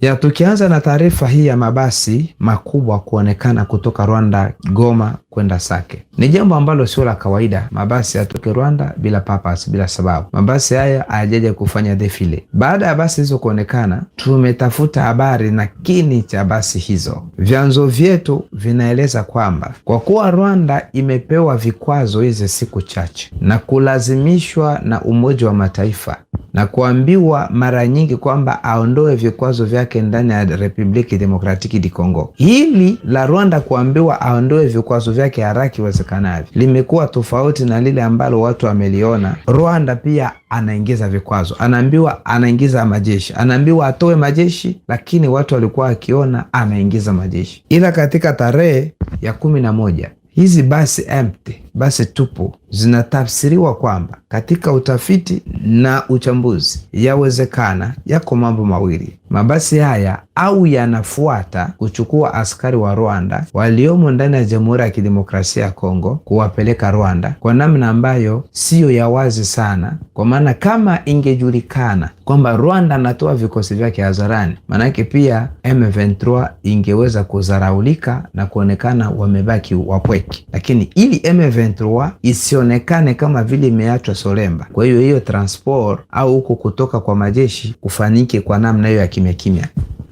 ya tukianza na taarifa hii ya mabasi makubwa kuonekana kutoka Rwanda Goma kwenda Sake. Ni jambo ambalo sio la kawaida mabasi yatoke Rwanda bila purpose, bila sababu. Mabasi haya hayajaja kufanya defile. Baada ya basi hizo kuonekana, tumetafuta habari na kini cha basi hizo. Vyanzo vyetu vinaeleza kwamba kwa kuwa Rwanda imepewa vikwazo hizi siku chache na kulazimishwa na Umoja wa Mataifa na kuambiwa mara nyingi kwamba aondoe vikwazo vyake ndani ya Republiki Demokratiki di Kongo, hili la Rwanda kuambiwa aondoe vikwazo vyake haraki iwezekanavyo, limekuwa tofauti na lile ambalo watu wameliona. Rwanda pia anaingiza vikwazo, anaambiwa anaingiza majeshi, anaambiwa atoe majeshi, lakini watu walikuwa wakiona anaingiza majeshi. Ila katika tarehe ya kumi na moja hizi basi empty basi tupu zinatafsiriwa kwamba katika utafiti na uchambuzi, yawezekana yako mambo mawili. Mabasi haya au yanafuata kuchukua askari wa Rwanda waliomo ndani ya Jamhuri ya Kidemokrasia ya Kongo kuwapeleka Rwanda kwa namna ambayo siyo ya wazi sana, kwa maana kama ingejulikana kwamba Rwanda anatoa vikosi vyake hadharani, maanake pia M23 ingeweza kudharaulika na kuonekana wamebaki wapweke, lakini ili M23 isionekane kama vile imeachwa solemba. Kwa hiyo hiyo transport au huko kutoka kwa majeshi kufanyike kwa namna hiyo ya Kimia Kimia.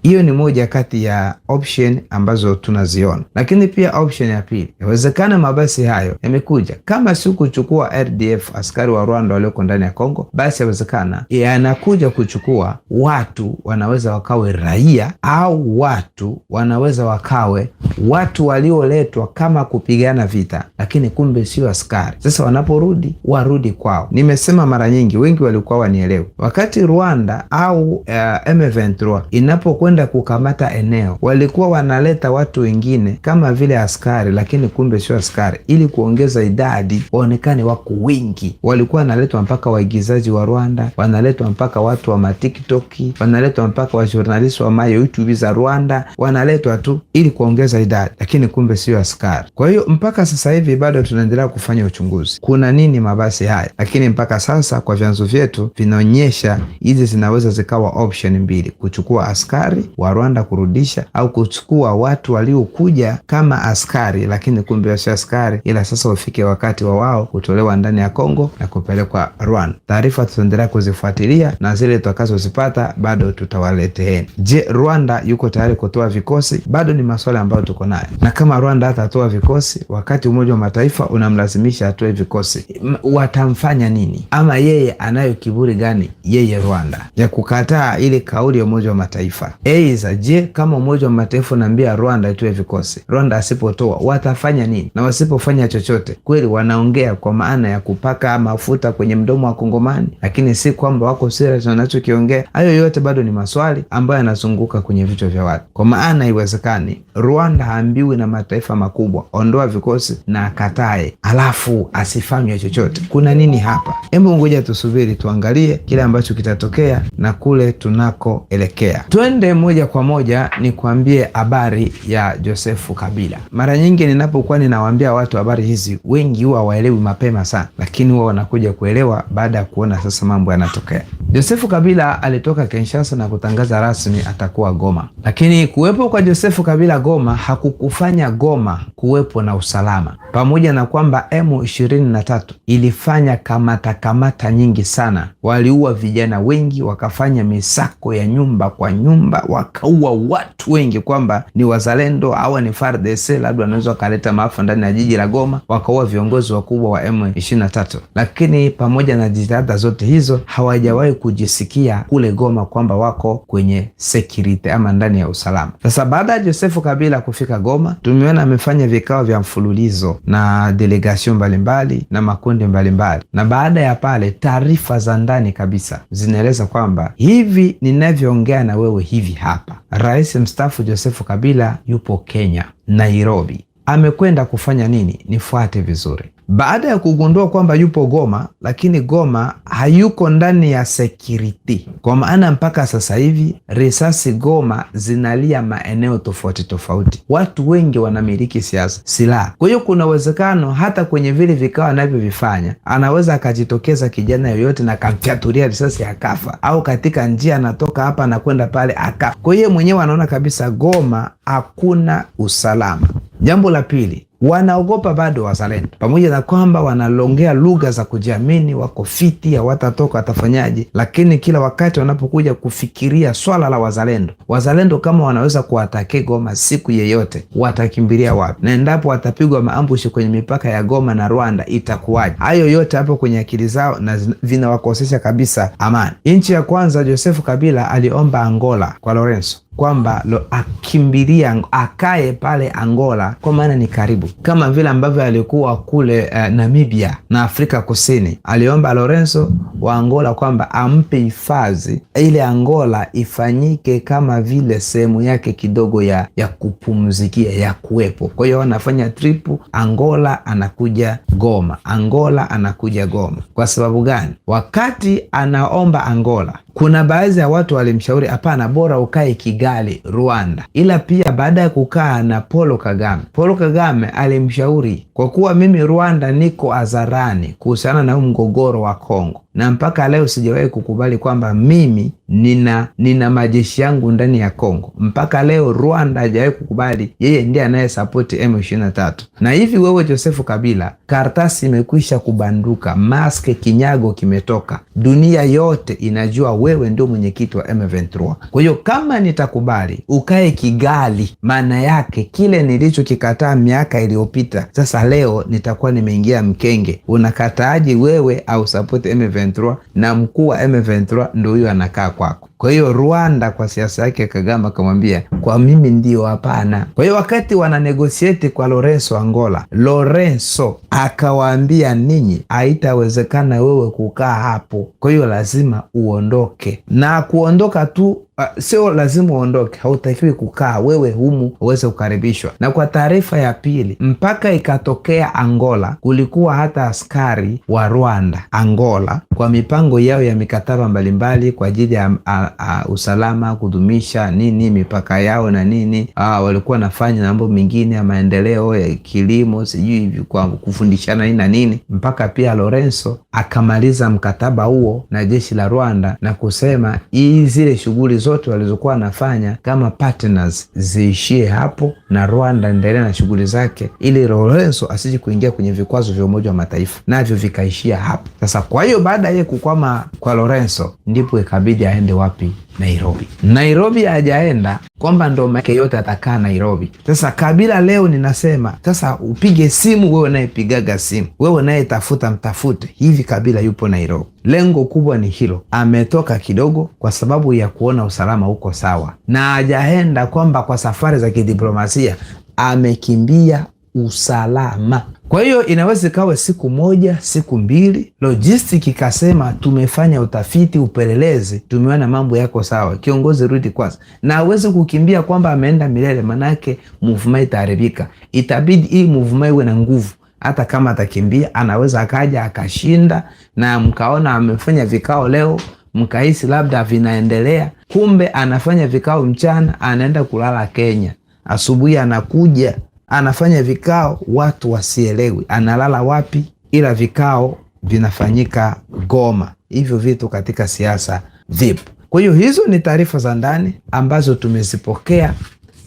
Hiyo ni moja kati ya option ambazo tunaziona, lakini pia option ya pili, yawezekana mabasi hayo yamekuja kama si kuchukua RDF, askari wa Rwanda walioko ndani ya Kongo, basi yawezekana yanakuja kuchukua watu, wanaweza wakawe raia au watu wanaweza wakawe watu walioletwa kama kupigana vita, lakini kumbe sio askari. Sasa wanaporudi warudi kwao. Nimesema mara nyingi, wengi walikuwa wanielewe, wakati Rwanda au uh, M23 inapokwenda kwenda kukamata eneo walikuwa wanaleta watu wengine kama vile askari, lakini kumbe sio askari, ili kuongeza idadi waonekane wako wengi. Walikuwa wanaletwa mpaka waigizaji wa Rwanda, wanaletwa mpaka watu wa matiktoki, wanaletwa mpaka wajurnalisti wa mayoutube za Rwanda, wanaletwa tu ili kuongeza idadi, lakini kumbe sio askari. Kwa hiyo mpaka sasa hivi bado tunaendelea kufanya uchunguzi, kuna nini mabasi haya, lakini mpaka sasa kwa vyanzo vyetu vinaonyesha hizi zinaweza zikawa option mbili, kuchukua askari wa Rwanda kurudisha au kuchukua watu waliokuja kama askari, lakini kumbe wasio askari, ila sasa ufike wakati wa wao kutolewa ndani ya Kongo na kupelekwa Rwanda. Taarifa tutaendelea kuzifuatilia na zile tutakazozipata bado tutawaleteeni. Je, Rwanda yuko tayari kutoa vikosi? Bado ni maswali ambayo tuko nayo, na kama Rwanda hatatoa vikosi wakati Umoja wa Mataifa unamlazimisha atoe vikosi, watamfanya nini? Ama yeye anayo kiburi gani yeye Rwanda ya kukataa ile kauli ya Umoja wa Mataifa e Eiza, je, kama Umoja wa Mataifa unaambia Rwanda itoe vikosi, Rwanda asipotoa watafanya nini? Na wasipofanya chochote, kweli wanaongea kwa maana ya kupaka mafuta kwenye mdomo wa Kongomani, lakini si kwamba wako serious wanachokiongea. Hayo yote bado ni maswali ambayo yanazunguka kwenye vichwa vya watu, kwa maana haiwezekani Rwanda haambiwi na mataifa makubwa ondoa vikosi na akatae, alafu asifanywe chochote. Kuna nini hapa? Hebu ngoja tusubiri tuangalie kile ambacho kitatokea na kule tunakoelekea, twende moja kwa moja nikuambie habari ya Josefu Kabila. Mara nyingi ninapokuwa ninawaambia watu habari hizi, wengi huwa waelewi mapema sana, lakini huwa wanakuja kuelewa baada ya kuona sasa mambo yanatokea. Josefu Kabila alitoka Kinshasa na kutangaza rasmi atakuwa Goma, lakini kuwepo kwa Josefu Kabila Goma hakukufanya Goma kuwepo na usalama, pamoja na kwamba M23 ilifanya kamata kamata nyingi sana, waliua vijana wengi, wakafanya misako ya nyumba kwa nyumba wakaua watu wengi, kwamba ni wazalendo au ni FARDC labda wanaweza wakaleta maafa ndani ya jiji la Goma, wakaua viongozi wakubwa wa M23. Lakini pamoja na jitihada zote hizo, hawajawahi kujisikia kule Goma kwamba wako kwenye security ama ndani ya usalama. Sasa baada ya Josefu Kabila kufika Goma, tumeona amefanya vikao vya mfululizo na delegasio mbalimbali na makundi mbalimbali, na baada ya pale taarifa za ndani kabisa zinaeleza kwamba hivi ninavyoongea na wewe hivi hapa. Rais mstaafu josefu Kabila yupo Kenya, Nairobi. Amekwenda kufanya nini? Nifuate vizuri baada ya kugundua kwamba yupo Goma, lakini Goma hayuko ndani ya security. Kwa maana mpaka sasa hivi risasi Goma zinalia maeneo tofauti tofauti, watu wengi wanamiliki siasa silaha. Kwa hiyo kuna uwezekano hata kwenye vile vikao anavyovifanya anaweza akajitokeza kijana yoyote na akamfyatulia risasi akafa, au katika njia anatoka hapa anakwenda pale akafa. Kwa hiyo mwenyewe anaona kabisa Goma hakuna usalama. Jambo la pili wanaogopa bado wazalendo, pamoja na kwamba wanalongea lugha za kujiamini, wako fiti, hawatatoka watafanyaje, lakini kila wakati wanapokuja kufikiria swala la wazalendo, wazalendo kama wanaweza kuwatake Goma siku yeyote, watakimbilia wapi? Na endapo watapigwa maambushi kwenye mipaka ya Goma na Rwanda itakuwaje? Hayo yote hapo kwenye akili zao na vinawakosesha kabisa amani. Nchi ya kwanza Josefu Kabila aliomba Angola kwa Lorenzo kwamba akimbilia akae pale Angola, kwa maana ni karibu, kama vile ambavyo alikuwa kule uh, Namibia na Afrika Kusini. Aliomba Lorenzo wa Angola kwamba ampe hifadhi ile Angola ifanyike kama vile sehemu yake kidogo ya, ya kupumzikia ya kuwepo. Kwa hiyo anafanya tripu Angola, anakuja Goma, Angola anakuja Goma. Kwa sababu gani? Wakati anaomba Angola, kuna baadhi ya watu walimshauri hapana, bora ukae Kigali Kigali, Rwanda, ila pia baada ya kukaa na Paul Kagame, Paul Kagame alimshauri kwa kuwa mimi Rwanda niko hadharani kuhusiana na huu mgogoro wa Kongo na mpaka leo sijawahi kukubali kwamba mimi nina nina majeshi yangu ndani ya Kongo. Mpaka leo Rwanda hajawahi kukubali yeye ndiye anayesapoti M23. Na hivi wewe Josefu Kabila, karatasi imekwisha kubanduka, maske kinyago kimetoka, dunia yote inajua wewe ndio mwenyekiti wa M23. Kwa hiyo kama nitakubali ukae Kigali, maana yake kile nilichokikataa miaka iliyopita, sasa leo nitakuwa nimeingia mkenge. Unakataaji wewe au sapoti M23? na mkuu wa M23 ndio huyo anakaa kwako. Kwa hiyo Rwanda kwa siasa yake Kagame akamwambia kwa mimi ndio hapana. Kwa hiyo wakati wana negosieti kwa Lorenzo Angola, Lorenzo akawaambia ninyi, haitawezekana wewe kukaa hapo, kwa hiyo lazima uondoke. Na kuondoka tu Uh, sio lazima uondoke, hautakiwi kukaa wewe humu uweze kukaribishwa. Na kwa taarifa ya pili, mpaka ikatokea Angola, kulikuwa hata askari wa Rwanda Angola kwa mipango yao ya mikataba mbalimbali kwa ajili ya uh, uh, usalama, kudumisha nini mipaka yao na nini, uh, walikuwa nafanya na mambo mengine ya maendeleo ya kilimo, sijui hivi kwa kufundishana nini na nini, mpaka pia Lorenzo akamaliza mkataba huo na jeshi la Rwanda na kusema hii zile shughuli zote walizokuwa wanafanya kama partners ziishie hapo na Rwanda endelea na shughuli zake, ili Lorenzo asije kuingia kwenye vikwazo vya Umoja wa Mataifa, navyo vikaishia hapo. Sasa kwa hiyo baada ya kukwama kwa Lorenzo ndipo ikabidi aende wapi? wapi? Nairobi. Nairobi hajaenda kwamba ndo make yote atakaa Nairobi. Sasa Kabila leo ninasema sasa, upige simu wewe unayepigaga simu, wewe unayetafuta, mtafute hivi Kabila yupo Nairobi. Lengo kubwa ni hilo. Ametoka kidogo kwa sababu ya kuona usalama huko sawa, na hajaenda kwamba kwa safari za kidiplomasia amekimbia usalama. Kwa hiyo inaweza ikawa siku moja, siku mbili, logistic ikasema tumefanya utafiti, upelelezi, tumeona mambo yako sawa, kiongozi rudi kwanza, na awezi kukimbia kwamba ameenda milele, manake muvuma itaharibika. Itabidi hii muvuma iwe na nguvu hata kama atakimbia anaweza akaja akashinda, na mkaona amefanya vikao leo, mkahisi labda vinaendelea, kumbe anafanya vikao mchana, anaenda kulala Kenya, asubuhi anakuja anafanya vikao watu wasielewi analala wapi, ila vikao vinafanyika Goma. Hivyo vitu katika siasa vipo. Kwa hiyo hizo ni taarifa za ndani ambazo tumezipokea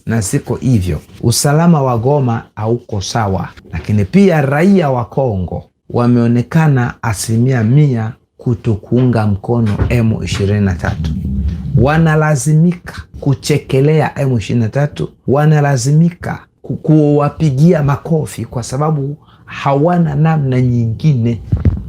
na siko hivyo. Usalama wa Goma hauko sawa, lakini pia raia wa Kongo wameonekana asilimia mia kutokuunga mkono M23. Wanalazimika kuchekelea M23, wanalazimika kuwapigia makofi kwa sababu hawana namna nyingine.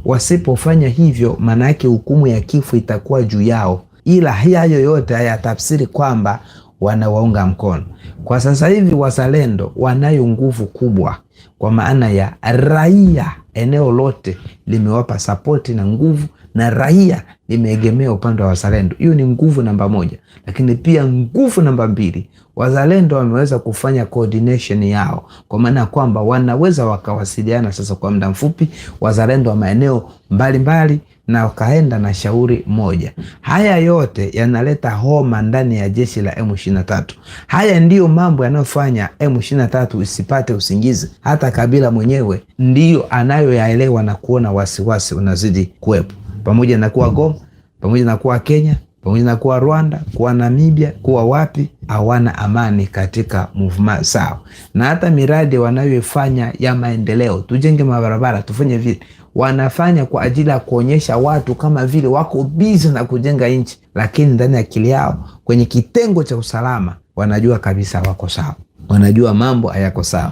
Wasipofanya hivyo, maana yake hukumu ya kifo itakuwa juu yao, ila hayo yote hayatafsiri kwamba wanawaunga mkono. Kwa sasa hivi wazalendo wanayo nguvu kubwa, kwa maana ya raia eneo lote limewapa sapoti na nguvu, na raia imeegemea upande wa wazalendo. Hiyo ni nguvu namba moja, lakini pia nguvu namba mbili, wazalendo wameweza kufanya coordination yao, kwa maana ya kwamba wanaweza wakawasiliana sasa kwa muda mfupi, wazalendo wa maeneo mbalimbali na wakaenda na shauri moja. Haya yote yanaleta homa ndani ya jeshi la M23. Haya ndiyo mambo yanayofanya M23 isipate usingizi. Hata Kabila mwenyewe ndiyo anayoyaelewa na kuona wasiwasi unazidi kuwepo pamoja na kuwa Goma, pamoja na kuwa Kenya, pamoja na kuwa Rwanda, kuwa Namibia, kuwa wapi, hawana amani katika movement sao, na hata miradi wanayoifanya ya maendeleo, tujenge mabarabara, tufanye vile, wanafanya kwa ajili ya kuonyesha watu kama vile wako bizi na kujenga nchi, lakini ndani ya akili yao kwenye kitengo cha usalama wanajua kabisa wako sawa, wanajua mambo hayako sawa.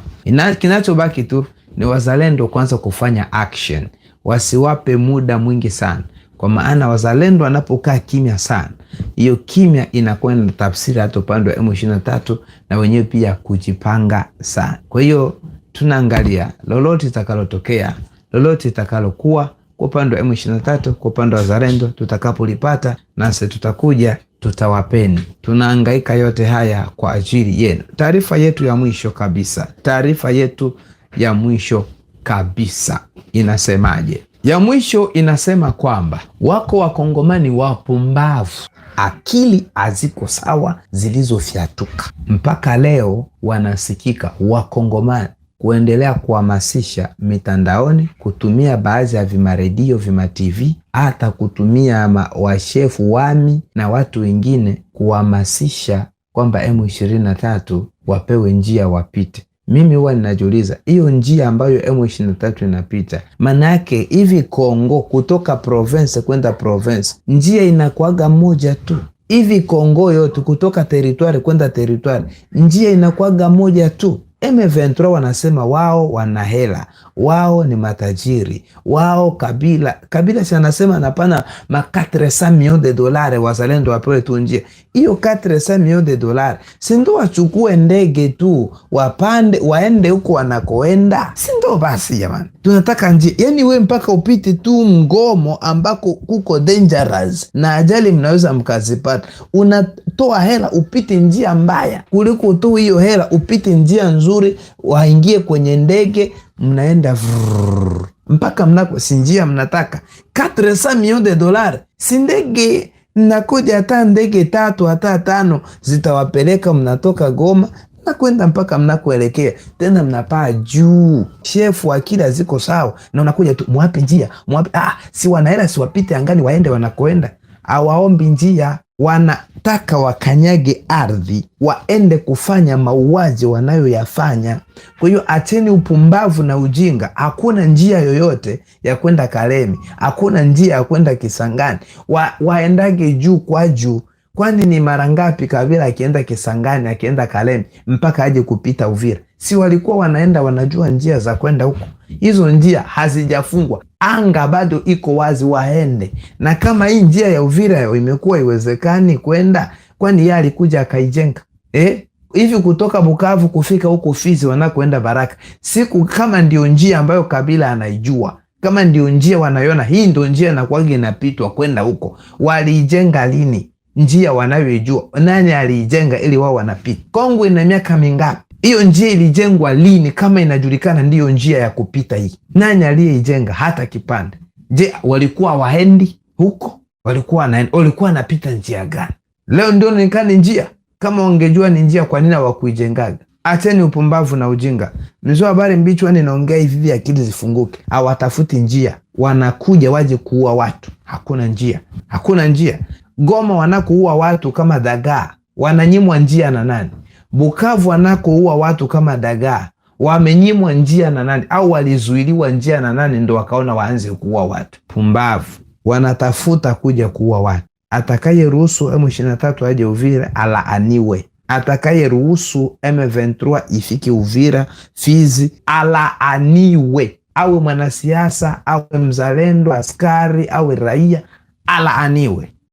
Kinachobaki tu ni wazalendo kwanza kufanya action wasiwape muda mwingi sana, kwa maana wazalendo wanapokaa kimya sana, hiyo kimya inakuwa na tafsiri hata upande wa M23 na wenyewe pia kujipanga sana. Kwa hiyo tunaangalia lolote itakalotokea, lolote itakalokuwa kwa upande wa M23, kwa upande wa wazalendo, tutakapolipata nasi tutakuja tutawapeni. Tunaangaika yote haya kwa ajili yenu. Taarifa yetu ya mwisho kabisa, taarifa yetu ya mwisho kabisa. Inasemaje? Ya mwisho inasema kwamba wako wakongomani wapumbavu, akili haziko sawa, zilizofyatuka. Mpaka leo wanasikika wakongomani kuendelea kuhamasisha mitandaoni, kutumia baadhi ya vimaredio, TV, hata kutumia washefu wami na watu wengine kuhamasisha kwamba M23 wapewe njia wapite. Mimi huwa ninajiuliza hiyo njia ambayo M23 inapita, maana yake hivi Kongo kutoka province kwenda province njia inakuaga moja tu? Hivi Kongo yote kutoka teritwari kwenda teritwari njia inakuaga moja tu? M23 wanasema wao wana hela, wao ni matajiri wao kabila kabila, si anasema napana ma 400 millions de dollars wazalendo wapewe tu njia hiyo. 400 millions de dollars, si ndo wachukue ndege tu wapande waende huko wanakoenda, ndo Basi jamani, tunataka njia yani we mpaka upite tu mgomo ambako kuko dangerous na ajali mnaweza mkazipata, unatoa hela upite njia mbaya kuliko tu hiyo hela upite njia nzuri waingie kwenye ndege mnaenda vrrr, mpaka mnako sinjia mnataka 400 milioni de dolari, si ndege nakuja hata ndege tatu hata tano zitawapeleka. Mnatoka Goma mnakwenda mpaka mnakuelekea, tena mnapaa juu, shefu akila ziko sawa, na unakuja tu mwape njia mwape, ah, si wanaela siwapite angani waende wanakoenda hawaombi njia, wanataka wakanyage ardhi, waende kufanya mauaji wanayoyafanya. Kwa hiyo acheni upumbavu na ujinga. Hakuna njia yoyote ya kwenda Kalemi, hakuna njia ya kwenda Kisangani. Wa, waendage juu kwa juu Kwani ni mara ngapi Kabila akienda Kisangani, akienda Kalemi mpaka aje kupita Uvira? Si walikuwa wanaenda, wanajua njia za kwenda huko. Hizo njia hazijafungwa, anga bado iko wazi, waende. Na kama hii njia ya Uvira imekuwa iwezekani kwenda, kwani yeye alikuja akaijenga eh? hivi kutoka Bukavu kufika huko Fizi wanakoenda Baraka siku kama ndio njia ambayo Kabila anaijua kama ndio njia wanaiona, hii ndio njia nakwagi inapitwa kwenda huko, waliijenga lini? njia wanayoijua, nani aliijenga ili wao wanapita. Kongwe ina miaka mingapi? Hiyo njia ilijengwa lini? Kama inajulikana ndiyo njia ya kupita hii, nani aliyeijenga hata kipande? Je, walikuwa waendi huko? Walikuwa wanaenda, walikuwa wanapita njia gani? Leo ndio nikani njia. Kama wangejua ni njia, kwa nini hawakuijengaga? Acheni upumbavu na ujinga. Mzo habari mbichi wani naongea hivi, akili zifunguke. Hawatafuti njia, wanakuja waje kuua watu. Hakuna njia, hakuna njia. Goma wanakouua watu kama dagaa wananyimwa njia na nani? Bukavu wanakouua watu kama dagaa wamenyimwa njia na nani? Au walizuiliwa njia na nani? Ndo wakaona waanze kuua watu. Pumbavu, wanatafuta kuja kuua watu. Atakaye ruhusu M23 aje Uvira alaaniwe. Atakaye ruhusu M23 ifike Uvira, Fizi alaaniwe, awe mwanasiasa awe mzalendo, askari awe raia, alaaniwe.